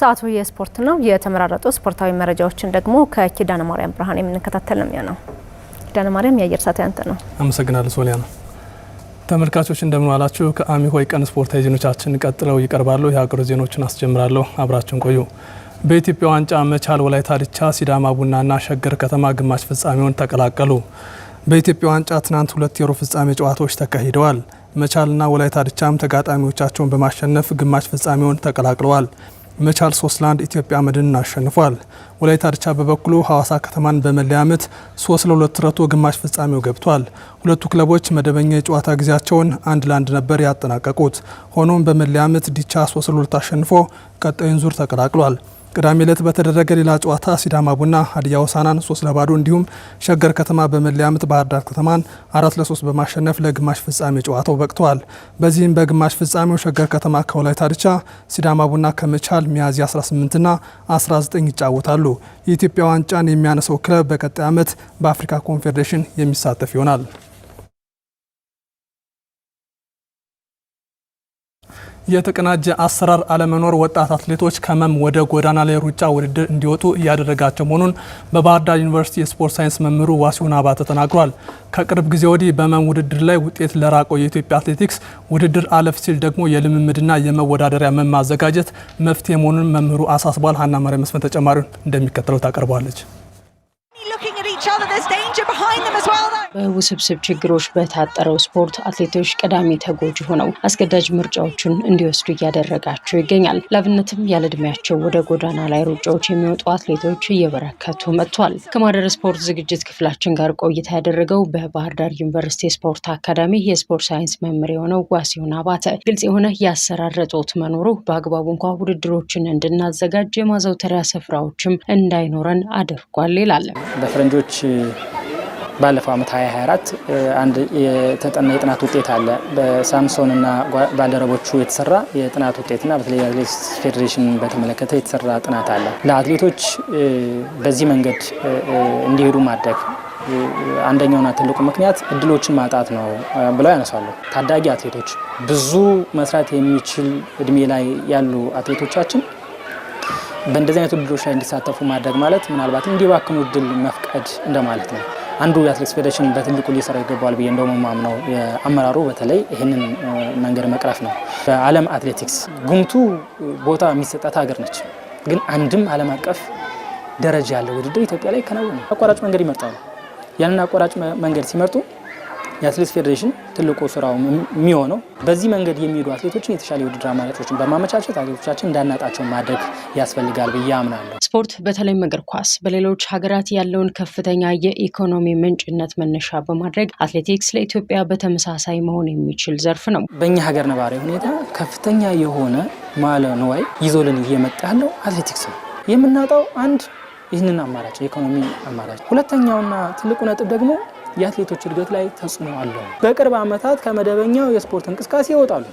ሰዓቱ የስፖርት ነው። የተመራረጡ ስፖርታዊ መረጃዎችን ደግሞ ከኪዳነ ማርያም ብርሃን የምንከታተል ነው የሚሆነው። ኪዳነ ማርያም የአየር ሰዓት ያንተ ነው። አመሰግናለሁ ነው። ተመልካቾች እንደምን ዋላችሁ። ከአሚኮ የቀን ስፖርታዊ ዜናዎቻችን ቀጥለው ይቀርባሉ። የሀገር ዜኖችን አስጀምራለሁ። አብራችን ቆዩ። በኢትዮጵያ ዋንጫ መቻል፣ ወላይታ ድቻ፣ ሲዳማ ቡናና ሸገር ከተማ ግማሽ ፍጻሜውን ተቀላቀሉ። በኢትዮጵያ ዋንጫ ትናንት ሁለት የሩብ ፍጻሜ ጨዋታዎች ተካሂደዋል። መቻልና ወላይታ ድቻም ተጋጣሚዎቻቸውን በማሸነፍ ግማሽ ፍጻሜውን ተቀላቅለዋል። መቻል ሶስት ለአንድ ኢትዮጵያ መድንን አሸንፏል። ወላይታ ድቻ በበኩሉ ሐዋሳ ከተማን በመለያ ምት ሶስት ለሁለት ረቶ ግማሽ ፍጻሜው ገብቷል። ሁለቱ ክለቦች መደበኛ የጨዋታ ጊዜያቸውን አንድ ለአንድ ነበር ያጠናቀቁት። ሆኖም በመለያ ምት ዲቻ ሶስት ለሁለት አሸንፎ ቀጣዩን ዙር ተቀላቅሏል። ቅዳሜ ዕለት በተደረገ ሌላ ጨዋታ ሲዳማ ቡና ሀዲያ ሆሳዕናን ሶስት ለባዶ እንዲሁም ሸገር ከተማ በመለያ ምት ባህር ዳር ከተማን አራት ለሶስት በማሸነፍ ለግማሽ ፍጻሜ ጨዋታው በቅተዋል። በዚህም በግማሽ ፍጻሜው ሸገር ከተማ ከወላይታ ድቻ፣ ሲዳማ ቡና ከመቻል ሚያዝያ 18ና 19 ይጫወታሉ። የኢትዮጵያ ዋንጫን የሚያነሰው ክለብ በቀጣይ ዓመት በአፍሪካ ኮንፌዴሬሽን የሚሳተፍ ይሆናል። የተቀናጀ አሰራር አለመኖር ወጣት አትሌቶች ከመም ወደ ጎዳና ላይ ሩጫ ውድድር እንዲወጡ እያደረጋቸው መሆኑን በባህር ዳር ዩኒቨርሲቲ የስፖርት ሳይንስ መምህሩ ዋሲሁን አባተ ተናግሯል። ከቅርብ ጊዜ ወዲህ በመም ውድድር ላይ ውጤት ለራቀው የኢትዮጵያ አትሌቲክስ ውድድር አለፍ ሲል ደግሞ የልምምድና የመወዳደሪያ መም ማዘጋጀት መፍትሄ መሆኑን መምህሩ አሳስቧል። ሀና ማርያም መስፍን ተጨማሪውን እንደሚከተለው ታቀርበዋለች። በውስብስብ ችግሮች በታጠረው ስፖርት አትሌቶች ቀዳሚ ተጎጂ ሆነው አስገዳጅ ምርጫዎችን እንዲወስዱ እያደረጋቸው ይገኛል። ላብነትም ያለዕድሜያቸው ወደ ጎዳና ላይ ሩጫዎች የሚወጡ አትሌቶች እየበረከቱ መጥቷል። ከማደር ስፖርት ዝግጅት ክፍላችን ጋር ቆይታ ያደረገው በባህር ዳር ዩኒቨርሲቲ ስፖርት አካዳሚ የስፖርት ሳይንስ መምህር የሆነው ዋሲሁን አባተ ግልጽ የሆነ የአሰራር እጦት መኖሩ በአግባቡ እንኳ ውድድሮችን እንድናዘጋጅ የማዘውተሪያ ስፍራዎችም እንዳይኖረን አድርጓል ይላል። በፈረንጆች ባለፈው ዓመት 2024 አንድ የተጠና የጥናት ውጤት አለ። በሳምሶን እና ባልደረቦቹ የተሰራ የጥናት ውጤትና በተለይ አትሌቲክስ ፌዴሬሽን በተመለከተ የተሰራ ጥናት አለ። ለአትሌቶች በዚህ መንገድ እንዲሄዱ ማድረግ አንደኛውና ትልቁ ምክንያት እድሎችን ማጣት ነው ብለው ያነሳሉ። ታዳጊ አትሌቶች ብዙ መስራት የሚችል እድሜ ላይ ያሉ አትሌቶቻችን በእንደዚህ አይነት ውድድሮች ላይ እንዲሳተፉ ማድረግ ማለት ምናልባት እንዲባክኑ እድል መፍቀድ እንደማለት ነው። አንዱ የአትሌቲክስ ፌዴሬሽን በትልቁ ሊሰራ ይገባዋል ብዬ እንደውም ማምነው አመራሩ በተለይ ይህንን መንገድ መቅረፍ ነው። በዓለም አትሌቲክስ ጉምቱ ቦታ የሚሰጣት ሀገር ነች። ግን አንድም ዓለም አቀፍ ደረጃ ያለው ውድድር ኢትዮጵያ ላይ ከናወነ አቋራጭ መንገድ ይመርጣሉ። ያንን አቋራጭ መንገድ ሲመርጡ የአትሌት ፌዴሬሽን ትልቁ ስራው የሚሆነው በዚህ መንገድ የሚሄዱ አትሌቶችን የተሻለ የውድድር አማራጮችን በማመቻቸት አትሌቶቻችን እንዳናጣቸው ማድረግ ያስፈልጋል ብዬ አምናለሁ። ስፖርት በተለይም እግር ኳስ በሌሎች ሀገራት ያለውን ከፍተኛ የኢኮኖሚ ምንጭነት መነሻ በማድረግ አትሌቲክስ ለኢትዮጵያ በተመሳሳይ መሆን የሚችል ዘርፍ ነው። በእኛ ሀገር ነባራዊ ሁኔታ ከፍተኛ የሆነ ማለ ንዋይ ይዞልን እየመጣ ያለው አትሌቲክስ ነው። የምናጣው አንድ ይህንን አማራጭ የኢኮኖሚ አማራጭ፣ ሁለተኛውና ትልቁ ነጥብ ደግሞ የአትሌቶች እድገት ላይ ተጽዕኖ አለው። በቅርብ ዓመታት ከመደበኛው የስፖርት እንቅስቃሴ ይወጣሉ።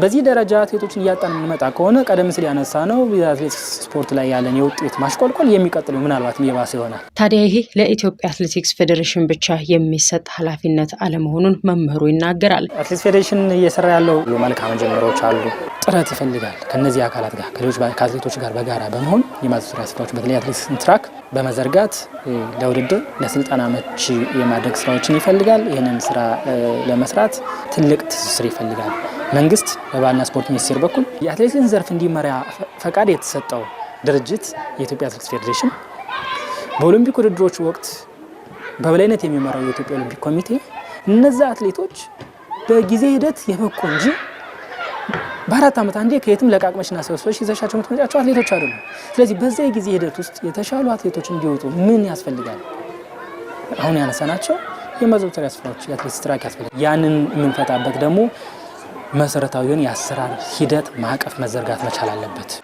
በዚህ ደረጃ አትሌቶችን እያጣን የምንመጣ ከሆነ ቀደም ሲል ያነሳ ነው የአትሌት ስፖርት ላይ ያለን የውጤት ማሽቆልቆል የሚቀጥለው ምናልባትም የባሰ ይሆናል። ታዲያ ይሄ ለኢትዮጵያ አትሌቲክስ ፌዴሬሽን ብቻ የሚሰጥ ኃላፊነት አለመሆኑን መምህሩ ይናገራል። አትሌት ፌዴሬሽን እየሰራ ያለው መልካም ጅምሮች አሉ ጥረት ይፈልጋል። ከነዚህ አካላት ጋር ከሌሎች ከአትሌቶች ጋር በጋራ በመሆን የማዘውተሪያ ስፍራዎች በተለይ አትሌቲክስን ትራክ በመዘርጋት ለውድድር ለስልጠና መች የማድረግ ስራዎችን ይፈልጋል። ይህንን ስራ ለመስራት ትልቅ ትስስር ይፈልጋል። መንግስት በባህልና ስፖርት ሚኒስቴር በኩል የአትሌቲክስን ዘርፍ እንዲመራ ፈቃድ የተሰጠው ድርጅት የኢትዮጵያ አትሌቲክስ ፌዴሬሽን በኦሎምፒክ ውድድሮች ወቅት በበላይነት የሚመራው የኢትዮጵያ ኦሎምፒክ ኮሚቴ እነዛ አትሌቶች በጊዜ ሂደት የበቁ እንጂ በአራት ዓመት አንዴ ከየትም ለቃቅመሽና ሰብስበሽ ይዘሻቸው የምትመጫቸው አትሌቶች አይደሉም። ስለዚህ በዚያ ጊዜ ሂደት ውስጥ የተሻሉ አትሌቶች እንዲወጡ ምን ያስፈልጋል? አሁን ያነሳናቸው የማዘውተሪያ ስፍራዎች፣ የአትሌቲክስ ትራክ ያስፈልጋል። ያንን የምንፈጣበት ደግሞ መሰረታዊውን የአሰራር ሂደት ማዕቀፍ መዘርጋት መቻል አለበት።